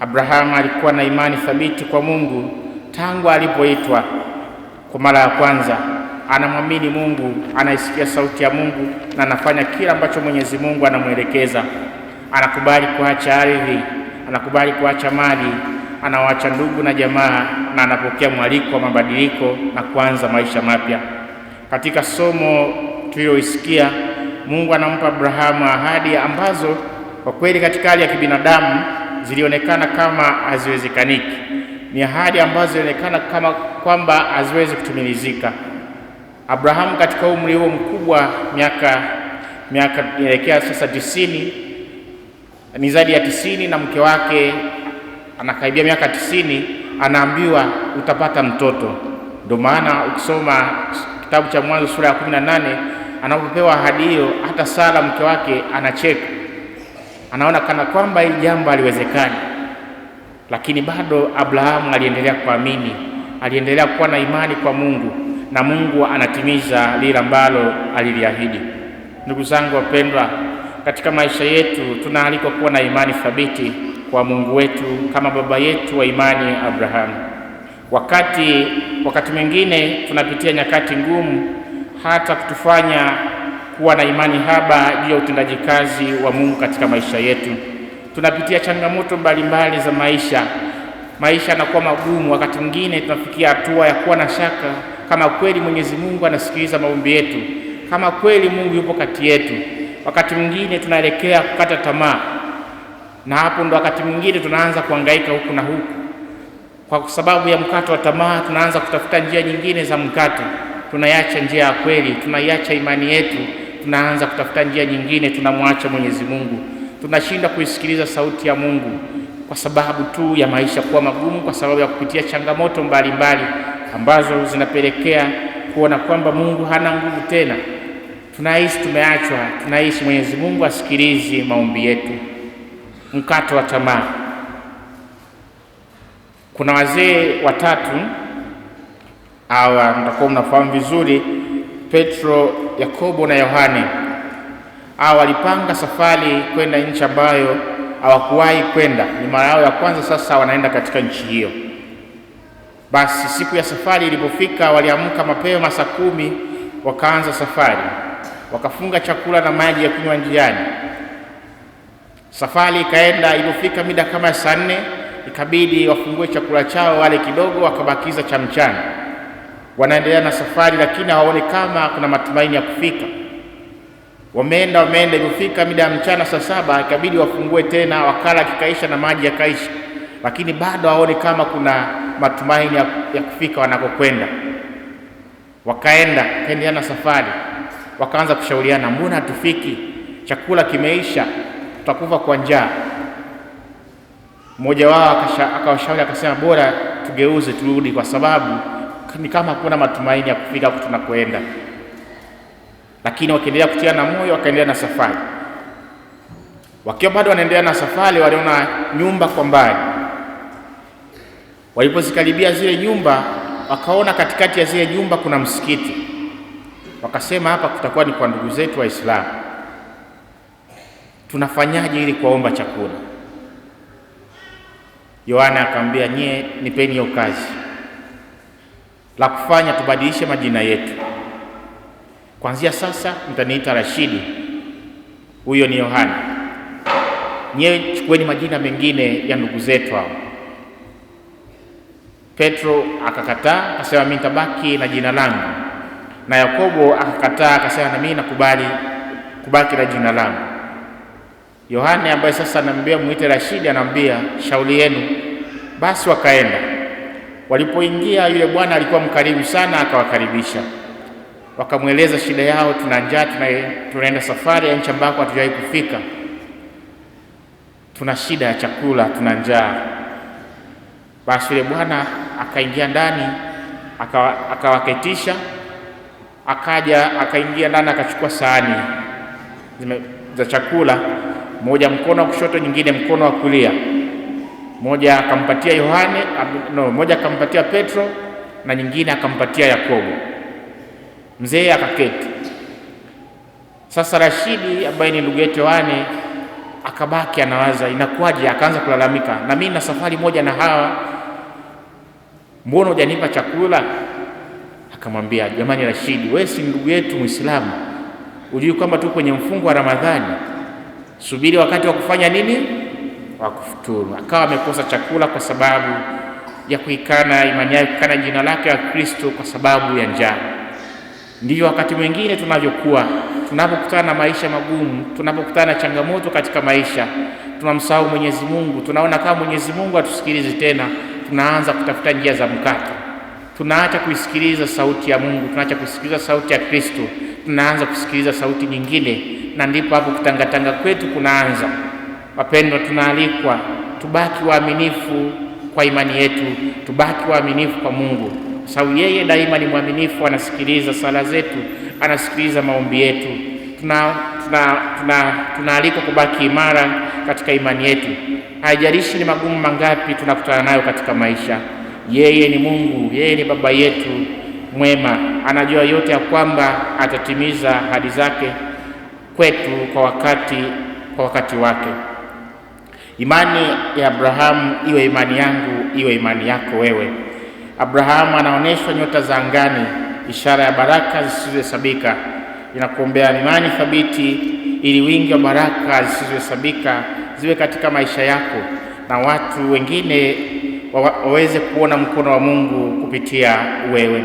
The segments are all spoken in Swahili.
Abrahamu alikuwa na imani thabiti kwa Mungu tangu alipoitwa kwa mara ya kwanza. Anamwamini Mungu, anaisikia sauti ya Mungu na anafanya kila ambacho Mwenyezi Mungu anamwelekeza. Anakubali kuacha ardhi, anakubali kuacha mali, anawaacha ndugu na jamaa, na anapokea mwaliko wa mabadiliko na kuanza maisha mapya. Katika somo tuliyoisikia, Mungu anampa Abrahamu ahadi ambazo kwa kweli katika hali ya kibinadamu zilionekana kama haziwezekaniki, ni ahadi ambazo zilionekana kama kwamba haziwezi kutimilizika. Abrahamu katika umri huo mkubwa, miaka miaka inaelekea sasa tisini, ni zaidi ya tisini, na mke wake anakaribia miaka tisini, anaambiwa utapata mtoto. Ndio maana ukisoma kitabu cha Mwanzo sura ya kumi na nane anapopewa ahadi hiyo, hata Sara mke wake anacheka anaona kana kwamba hili jambo haliwezekani, lakini bado Abrahamu aliendelea kuamini, aliendelea kuwa na imani kwa Mungu na Mungu anatimiza lile ambalo aliliahidi. Ndugu zangu wapendwa, katika maisha yetu tunaalikwa kuwa na imani thabiti kwa Mungu wetu kama baba yetu wa imani Abrahamu. Wakati wakati mwingine tunapitia nyakati ngumu hata kutufanya kuwa na imani haba juu ya utendaji kazi wa Mungu katika maisha yetu. Tunapitia changamoto mbalimbali mbali za maisha, maisha yanakuwa magumu. Wakati mwingine tunafikia hatua ya kuwa na shaka kama kweli Mwenyezi Mungu anasikiliza maombi yetu, kama kweli Mungu yupo kati yetu. Wakati mwingine tunaelekea kukata tamaa, na hapo ndo wakati mwingine tunaanza kuangaika huku na huku. Kwa sababu ya mkato wa tamaa, tunaanza kutafuta njia nyingine za mkato, tunaiacha njia ya kweli, tunaiacha imani yetu tunaanza kutafuta njia nyingine, tunamwacha Mwenyezi Mungu, tunashinda kuisikiliza sauti ya Mungu kwa sababu tu ya maisha kuwa magumu, kwa sababu ya kupitia changamoto mbalimbali mbali, ambazo zinapelekea kuona kwamba Mungu hana nguvu tena. Tunaishi tumeachwa, tunaishi Mwenyezi Mungu asikilize maombi yetu. Mkato wa tamaa. Kuna wazee watatu hawa mtakuwa mnafahamu vizuri Petro, Yakobo na Yohane. Hawa walipanga safari kwenda nchi ambayo hawakuwahi kwenda, ni mara yao ya kwanza. Sasa wanaenda katika nchi hiyo. Basi siku ya safari ilipofika, waliamka mapema saa kumi, wakaanza safari, wakafunga chakula na maji ya kunywa njiani. Safari ikaenda, ilipofika mida kama ya saa nne, ikabidi wafungue chakula chao wale kidogo, wakabakiza cha mchana wanaendelea na safari, lakini hawaone kama kuna matumaini ya kufika. Wameenda wameenda, ilipofika mida ya mchana saa saba ikabidi wafungue tena, wakala kikaisha na maji yakaisha, lakini bado hawaoni kama kuna matumaini ya kufika wanakokwenda. Wakaenda kaendelea na safari, wakaanza kushauriana, mbona hatufiki? Chakula kimeisha, tutakufa kwa njaa. Mmoja wao akawashauri akasema, bora tugeuze turudi, kwa sababu lakini kama hakuna matumaini ya kufika huko tunakoenda, lakini wakiendelea kutia na moyo, wakaendelea na safari. Wakiwa bado wanaendelea na safari, waliona nyumba kwa mbali. Walipozikaribia zile nyumba, wakaona katikati ya zile nyumba kuna msikiti. Wakasema, hapa kutakuwa ni kwa ndugu zetu Waislamu, tunafanyaje ili kuwaomba chakula? Yohana akamwambia, nyie nipeni hiyo kazi la kufanya tubadilishe majina yetu. Kuanzia sasa mtaniita Rashidi, huyo ni Yohana. Nyewe chukueni majina mengine ya ndugu zetu hao. Petro akakataa akasema, mimi nitabaki na jina langu, na Yakobo akakataa akasema, na mimi nakubali kubaki na jina langu. Yohane ambaye sasa anambia muite Rashidi, anaambia shauli yenu. Basi wakaenda Walipoingia yule bwana alikuwa mkarimu sana, akawakaribisha wakamweleza shida yao, tuna njaa, tunaenda safari ya nchi ambako hatujawahi kufika, tuna shida ya chakula, tuna njaa. Basi yule bwana akaingia ndani, akawaketisha, akaja, akaingia ndani, akachukua sahani za chakula, moja mkono wa kushoto, nyingine mkono wa kulia moja akampatia Yohane, no, moja akampatia Petro na nyingine akampatia Yakobo. Mzee akaketi. Sasa Rashidi ambaye ni ndugu yetu Yohane akabaki anawaza, inakuwaje? Akaanza kulalamika, na mimi na safari moja na hawa, mbona hujanipa chakula? Akamwambia, jamani Rashidi, wewe si ndugu yetu Muislamu? Ujui kwamba tu kwenye mfungo wa Ramadhani? Subiri wakati wa kufanya nini wa kufuturu, akawa amekosa chakula kwa sababu ya kuikana imani yake, kuikana jina lake la Kristo kwa sababu ya njaa. ndiyo wakati mwingine tunavyokuwa, tunapokutana na maisha magumu, tunapokutana na changamoto katika maisha, tunamsahau Mwenyezi Mungu, tunaona kama Mwenyezi Mungu hatusikilizi tena, tunaanza kutafuta njia za mkato, tunaacha kuisikiliza sauti ya Mungu, tunaacha kusikiliza sauti ya Kristo, tunaanza kusikiliza sauti nyingine, na ndipo hapo kutangatanga kwetu kunaanza. Wapendwa, tunaalikwa tubaki waaminifu kwa imani yetu, tubaki waaminifu kwa Mungu kwa sababu yeye daima ni mwaminifu, anasikiliza sala zetu, anasikiliza maombi yetu. Tunaalikwa tuna, tuna, tuna kubaki imara katika imani yetu, haijalishi ni magumu mangapi tunakutana nayo katika maisha. Yeye ni Mungu, yeye ni baba yetu mwema, anajua yote ya kwamba atatimiza ahadi zake kwetu kwa wakati, kwa wakati wake. Imani ya Abrahamu iwe imani yangu, iwe imani yako wewe. Abrahamu anaonyeshwa nyota za angani, ishara ya baraka zisizohesabika. Inakuombea imani thabiti ili wingi wa baraka zisizohesabika ziwe katika maisha yako na watu wengine waweze kuona mkono wa Mungu kupitia wewe.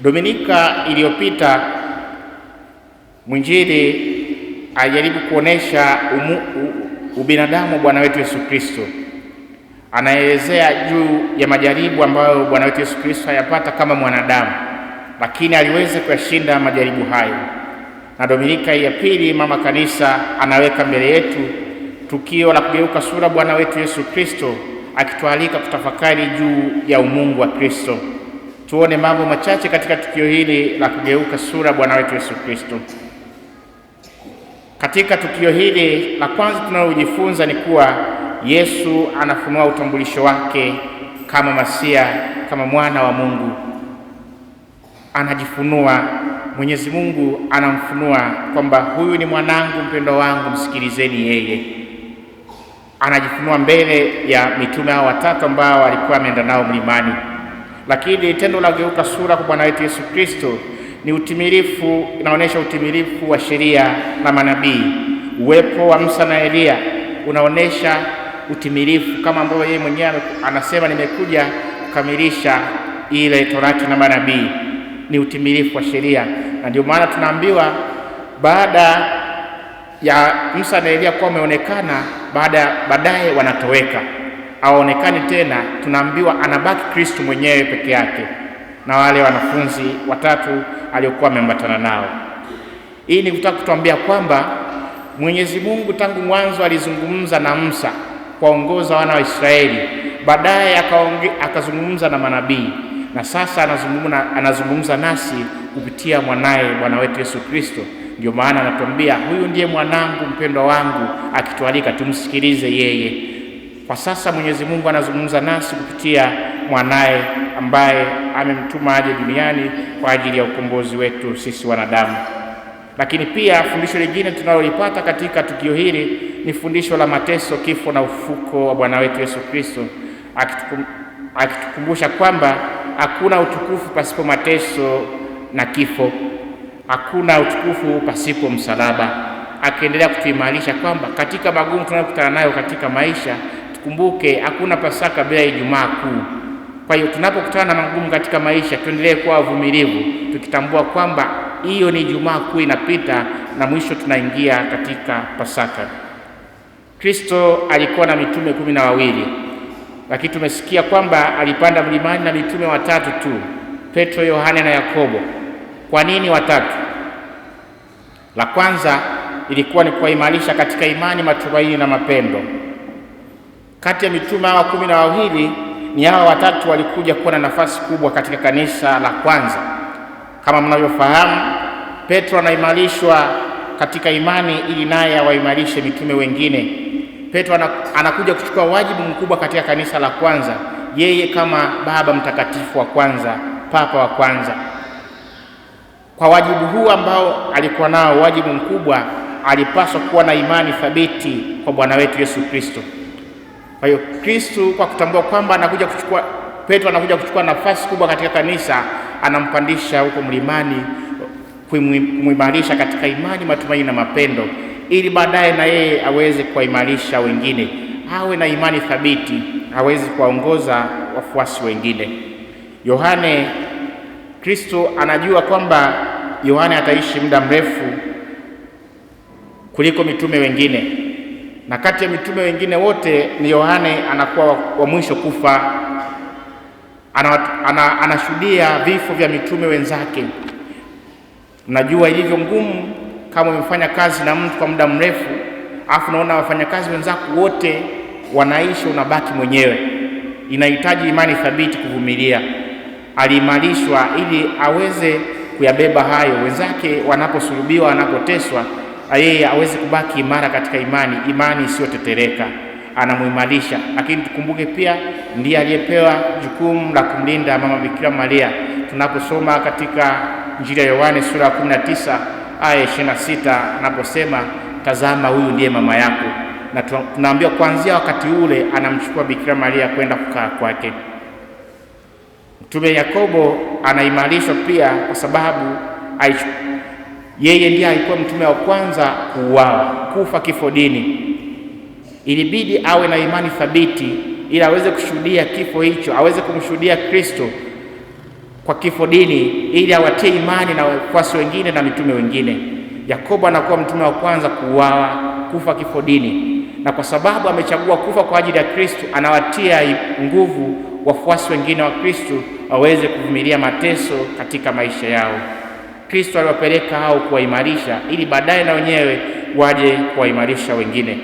Dominika iliyopita mwinjili alijaribu kuonesha umu, ubinadamu Bwana wetu Yesu Kristo anaelezea juu ya majaribu ambayo Bwana wetu Yesu Kristo hayapata kama mwanadamu, lakini aliweza kuyashinda majaribu hayo. Na Dominika ya pili, Mama Kanisa anaweka mbele yetu tukio la kugeuka sura Bwana wetu Yesu Kristo, akitualika kutafakari juu ya umungu wa Kristo. Tuone mambo machache katika tukio hili la kugeuka sura Bwana wetu Yesu Kristo. Katika tukio hili la kwanza tunalojifunza ni kuwa Yesu anafunua utambulisho wake kama Masia, kama mwana wa Mungu. Anajifunua, Mwenyezi Mungu anamfunua kwamba huyu ni mwanangu mpendwa wangu, msikilizeni yeye. Anajifunua mbele ya mitume hao watatu ambao walikuwa ameenda nao mlimani, lakini tendo la geuka sura kwa Bwana wetu Yesu Kristo ni utimilifu, inaonyesha utimilifu wa sheria na manabii. Uwepo wa Musa na Elia unaonyesha utimilifu, kama ambavyo yeye mwenyewe anasema, nimekuja kukamilisha ile torati na manabii. Ni utimilifu wa sheria, na ndio maana tunaambiwa baada ya Musa na Elia kuwa wameonekana, baada baadaye wanatoweka, hawaonekani tena. Tunaambiwa anabaki Kristo mwenyewe peke yake na wale wanafunzi watatu aliokuwa ameambatana nao. Hii ni kutaka kutuambia kwamba Mwenyezi Mungu tangu mwanzo alizungumza na Musa kuwaongoza wana wa Israeli, baadaye akazungumza na manabii na sasa anazungumza, anazungumza nasi kupitia mwanaye Bwana wetu Yesu Kristo. Ndio maana anatuambia huyu ndiye mwanangu mpendwa wangu, akitualika tumsikilize yeye. Kwa sasa Mwenyezi Mungu anazungumza nasi kupitia mwanaye ambaye amemtuma aje duniani kwa ajili ya ukombozi wetu sisi wanadamu. Lakini pia fundisho lingine tunalolipata katika tukio hili ni fundisho la mateso, kifo na ufuko wa Bwana wetu Yesu Kristo, akitukumbusha kwamba hakuna utukufu pasipo mateso na kifo, hakuna utukufu pasipo msalaba, akiendelea kutuimarisha kwamba katika magumu tunayokutana nayo katika maisha tukumbuke hakuna Pasaka bila Ijumaa Kuu. Kwa hiyo tunapokutana na magumu katika maisha, tuendelee kuwa wavumilivu, tukitambua kwamba hiyo ni Ijumaa Kuu inapita na mwisho tunaingia katika Pasaka. Kristo alikuwa na mitume kumi na wawili, lakini tumesikia kwamba alipanda mlimani na mitume watatu tu, Petro, Yohane na Yakobo. Kwa nini watatu? La kwanza ilikuwa ni kuwaimarisha katika imani, matumaini na mapendo. Kati ya mitume hawa kumi na wawili ni hawa watatu walikuja kuwa na nafasi kubwa katika kanisa la kwanza. Kama mnavyofahamu, Petro anaimarishwa katika imani ili naye awaimarishe mitume wengine. Petro anakuja kuchukua wajibu mkubwa katika kanisa la kwanza, yeye kama baba mtakatifu wa kwanza, papa wa kwanza. Kwa wajibu huu ambao alikuwa nao, wajibu mkubwa, alipaswa kuwa na imani thabiti kwa Bwana wetu Yesu Kristo. Kwa hiyo Kristu kwa kutambua kwamba anakuja kuchukua, Petro anakuja kuchukua nafasi kubwa katika kanisa, anampandisha huko mlimani kumwimarisha katika imani, matumaini na mapendo, ili baadaye na yeye aweze kuwaimarisha wengine, awe na imani thabiti, aweze kuwaongoza wafuasi wengine. Yohane, Kristo anajua kwamba Yohane ataishi muda mrefu kuliko mitume wengine na kati ya mitume wengine wote ni Yohane anakuwa wa mwisho kufa. Anashuhudia ana, ana vifo vya mitume wenzake. Najua ilivyo ngumu kama umefanya kazi na mtu kwa muda mrefu, afu naona wafanyakazi wenzako wote wanaisha, unabaki mwenyewe. Inahitaji imani thabiti kuvumilia. Aliimarishwa ili aweze kuyabeba hayo, wenzake wanaposulubiwa, wanapoteswa yeye aweze kubaki imara katika imani, imani isiyotetereka, anamuimarisha. Lakini tukumbuke pia ndiye aliyepewa jukumu la kumlinda mama Bikira Maria tunaposoma katika Injili ya Yohane sura ya 19 aya 26 anaposema, tazama huyu ndiye mama yako, na tunaambiwa kuanzia wakati ule anamchukua Bikira Maria kwenda kukaa kwake. Mtume Yakobo anaimarishwa pia kwa sababu yeye ndiye alikuwa mtume wa kwanza kuuawa, kufa kifo dini. Ilibidi awe na imani thabiti ili aweze kushuhudia kifo hicho, aweze kumshuhudia Kristo kwa kifo dini, ili awatie imani na wafuasi wengine na mitume wengine. Yakobo anakuwa mtume wa kwanza kuuawa, kufa kifo dini, na kwa sababu amechagua kufa kwa ajili ya Kristo, anawatia nguvu wafuasi wengine wa Kristo waweze kuvumilia mateso katika maisha yao. Kristo aliwapeleka hao kuwaimarisha, ili baadaye na wenyewe waje kuwaimarisha wengine.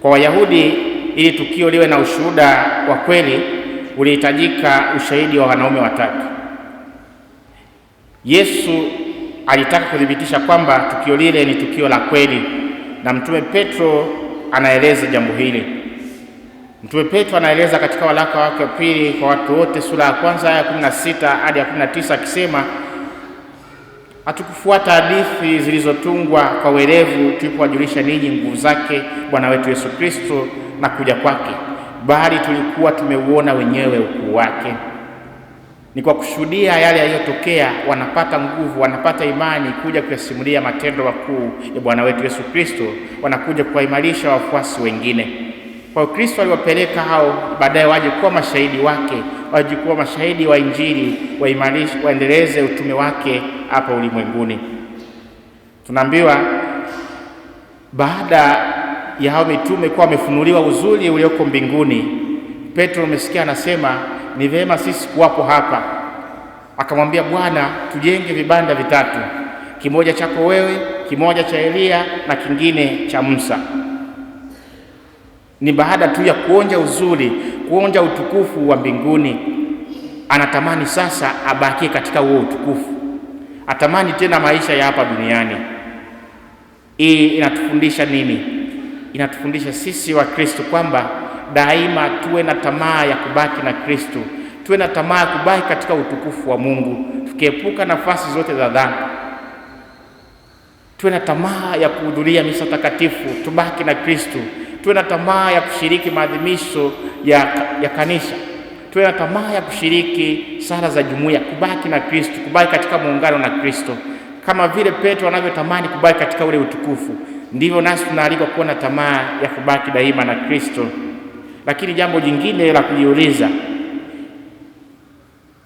Kwa Wayahudi, ili tukio liwe na ushuhuda wa kweli, ulihitajika ushahidi wa wanaume watatu. Yesu alitaka kuthibitisha kwamba tukio lile ni tukio la kweli, na mtume Petro anaeleza jambo hili. Mtume Petro anaeleza katika waraka wake wa pili kwa watu wote, sura ya kwanza aya ya 16 hadi ya 19 akisema Hatukufuata hadithi zilizotungwa kwa werevu tulipowajulisha ninyi nguvu zake Bwana wetu Yesu Kristo na kuja kwake, bali tulikuwa tumeuona wenyewe ukuu wake. Ni kwa kushuhudia yale yaliyotokea, wanapata nguvu, wanapata imani kuja kuyasimulia matendo makuu ya Bwana wetu Yesu Kristo, wanakuja kuwaimarisha wafuasi wengine. Kwa Kristo aliwapeleka hao baadaye waje kuwa mashahidi wake, waje kuwa mashahidi wa Injili, waimarishe, waendeleze utume wake hapa ulimwenguni. Tunaambiwa baada ya hao mitume kuwa wamefunuliwa uzuri ulioko mbinguni, Petro umesikia anasema ni vema sisi kuwapo hapa. Akamwambia Bwana, tujenge vibanda vitatu, kimoja chako wewe, kimoja cha Eliya na kingine cha Musa ni baada tu ya kuonja uzuri, kuonja utukufu wa mbinguni. Anatamani sasa abakie katika huo utukufu, atamani tena maisha ya hapa duniani. Hii inatufundisha nini? Inatufundisha sisi wa Kristo kwamba daima tuwe na tamaa ya kubaki na Kristo, tuwe na tamaa ya kubaki katika utukufu wa Mungu, tukiepuka nafasi zote za dhambi tuwe na tamaa ya kuhudhuria misa takatifu, tubaki na Kristo, tuwe na tamaa ya kushiriki maadhimisho ya, ya kanisa, tuwe na tamaa ya kushiriki sala za jumuiya, kubaki na Kristo, kubaki katika muungano na Kristo, kama vile Petro anavyotamani kubaki katika ule utukufu, ndivyo nasi tunaalikwa kuwa na tamaa ya kubaki daima na Kristo. Lakini jambo jingine la kujiuliza,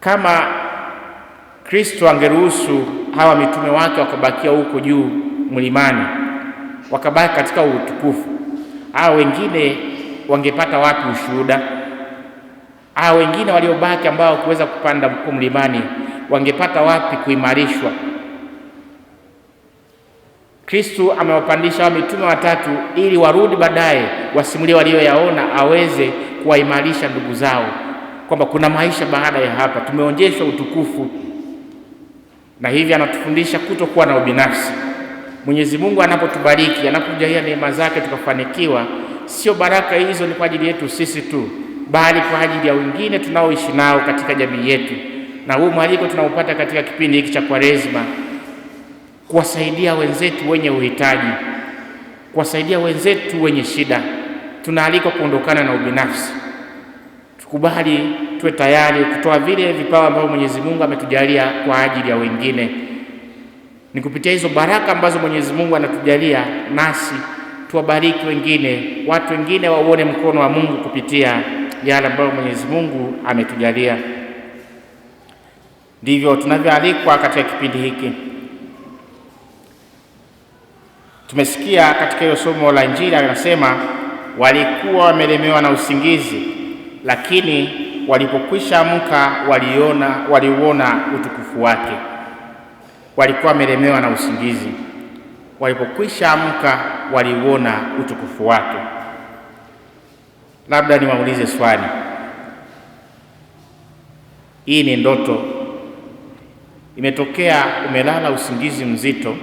kama Kristo angeruhusu hawa mitume wake wakabakia huko juu mlimani, wakabaki katika utukufu hao wengine wangepata wapi ushuhuda? Hao wengine waliobaki ambao kuweza kupanda mlimani wangepata wapi kuimarishwa? Kristu amewapandisha hao mitume watatu ili warudi baadaye wasimulie walioyaona, aweze kuwaimarisha ndugu zao kwamba kuna maisha baada ya hapa, tumeonjeshwa utukufu. Na hivi anatufundisha kutokuwa na ubinafsi. Mwenyezi Mungu anapotubariki, anapojalia neema zake tukafanikiwa, sio baraka hizo ni kwa ajili yetu sisi tu, bali kwa ajili ya wengine tunaoishi nao katika jamii yetu. Na huu mwaliko tunaupata katika kipindi hiki cha Kwaresma, kuwasaidia wenzetu wenye uhitaji, kuwasaidia wenzetu wenye shida. Tunaalikwa kuondokana na ubinafsi, tukubali, tuwe tayari kutoa vile vipawa ambavyo Mwenyezi Mungu ametujalia kwa ajili ya wengine. Ni kupitia hizo baraka ambazo Mwenyezi Mungu anatujalia nasi tuwabariki wengine, watu wengine wauone mkono wa Mungu kupitia yale ambayo Mwenyezi Mungu ametujalia. Ndivyo tunavyoalikwa katika kipindi hiki. Tumesikia katika hiyo somo la Injili anasema walikuwa wamelemewa na usingizi, lakini walipokwisha amka waliona waliuona utukufu wake walikuwa wamelemewa na usingizi. Walipokwisha amka, waliuona utukufu wake. Labda niwaulize swali, hii ni ndoto? Imetokea umelala usingizi mzito,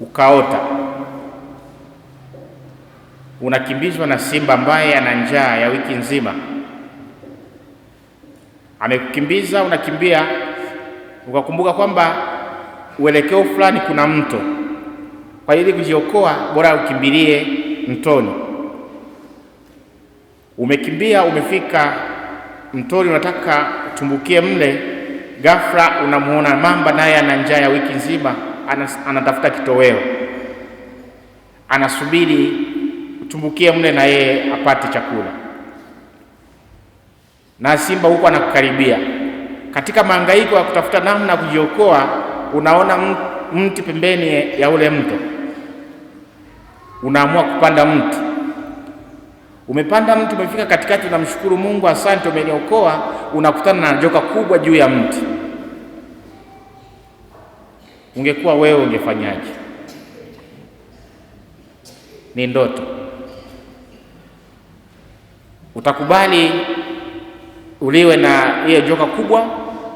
ukaota unakimbizwa na simba ambaye ana njaa ya wiki nzima, amekukimbiza, unakimbia ukakumbuka kwamba uelekeo fulani kuna mto, kwa ili kujiokoa bora ukimbilie mtoni. Umekimbia, umefika mtoni, unataka tumbukie mle, ghafla unamuona mamba, naye ana njaa ya wiki nzima, anatafuta kitoweo, anasubiri utumbukie mle na yeye apate chakula, na simba huko anakukaribia. Katika mahangaiko ya kutafuta namna ya kujiokoa unaona mti pembeni ya ule mto, unaamua kupanda mti. Umepanda mti, umefika katikati, unamshukuru Mungu, asante, umeniokoa. Unakutana na joka kubwa juu ya mti. Ungekuwa wewe, ungefanyaje? Ni ndoto. Utakubali uliwe na hiyo joka kubwa,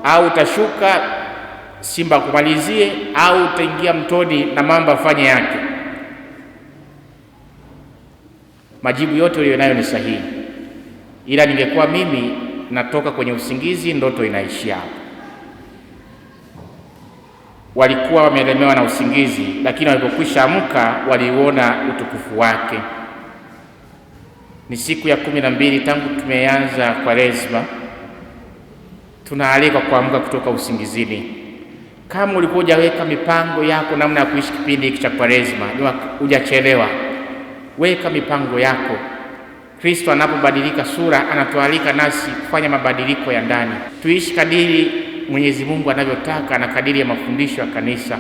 au utashuka simba kumalizie au utaingia mtoni na mamba afanye yake? Majibu yote uliyo nayo ni sahihi, ila ningekuwa mimi natoka kwenye usingizi, ndoto inaishia hapo. Walikuwa wamelemewa na usingizi, lakini walipokwisha amka waliuona utukufu wake. Ni siku ya kumi na mbili tangu tumeanza Kwaresma, tunaalikwa kuamka kutoka usingizini kama ulikuwa hujaweka mipango yako namna ya kuishi kipindi hiki cha Kwaresma, hujachelewa. Weka mipango yako. Kristo anapobadilika sura, anatualika nasi kufanya mabadiliko ya ndani, tuishi kadiri Mwenyezi Mungu anavyotaka na kadiri ya mafundisho ya Kanisa.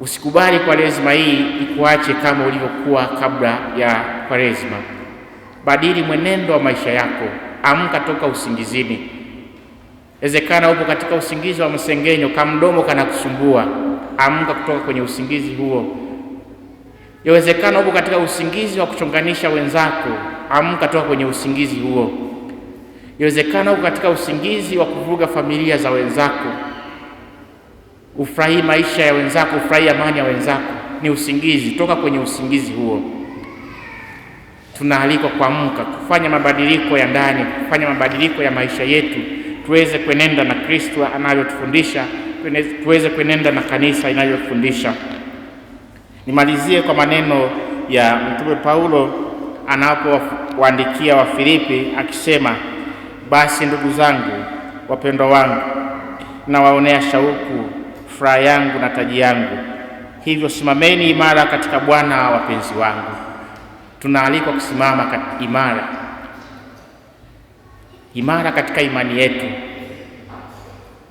Usikubali Kwaresma hii ikuache kama ulivyokuwa kabla ya Kwaresma. Badili mwenendo wa maisha yako, amka toka usingizini. Wezekana upo katika usingizi wa msengenyo, kamdomo kanakusumbua, amka kutoka kwenye usingizi huo. Yawezekana upo katika usingizi wa kuchonganisha wenzako, amka toka kwenye usingizi huo. Yawezekana upo katika usingizi wa kuvuruga familia za wenzako, ufurahii maisha ya wenzako, ufurahii amani ya wenzako, ni usingizi. Toka kwenye usingizi huo. Tunaalikwa kuamka, kufanya mabadiliko ya ndani, kufanya mabadiliko ya maisha yetu tuweze kuenenda na Kristo anavyotufundisha, tuweze kuenenda na kanisa inavyofundisha. Nimalizie kwa maneno ya Mtume Paulo anapowaandikia Wafilipi akisema, basi ndugu zangu wapendwa wangu, nawaonea shauku furaha yangu na taji yangu, hivyo simameni imara katika Bwana, wapenzi wangu. Tunaalikwa kusimama imara imara katika imani yetu,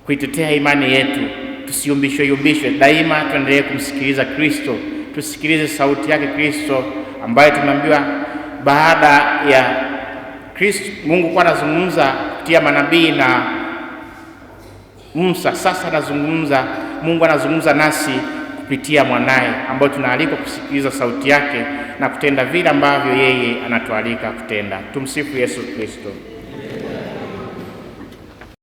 kuitetea imani yetu, tusiyumbishwe yumbishwe, daima tuendelee kumsikiliza Kristo, tusikilize sauti yake Kristo ambayo tumeambiwa baada ya Kristo Mungu kuwa anazungumza kupitia manabii na Musa, sasa anazungumza Mungu anazungumza nasi kupitia mwanaye ambayo tunaalikwa kusikiliza sauti yake na kutenda vile ambavyo yeye anatualika kutenda. Tumsifu Yesu Kristo.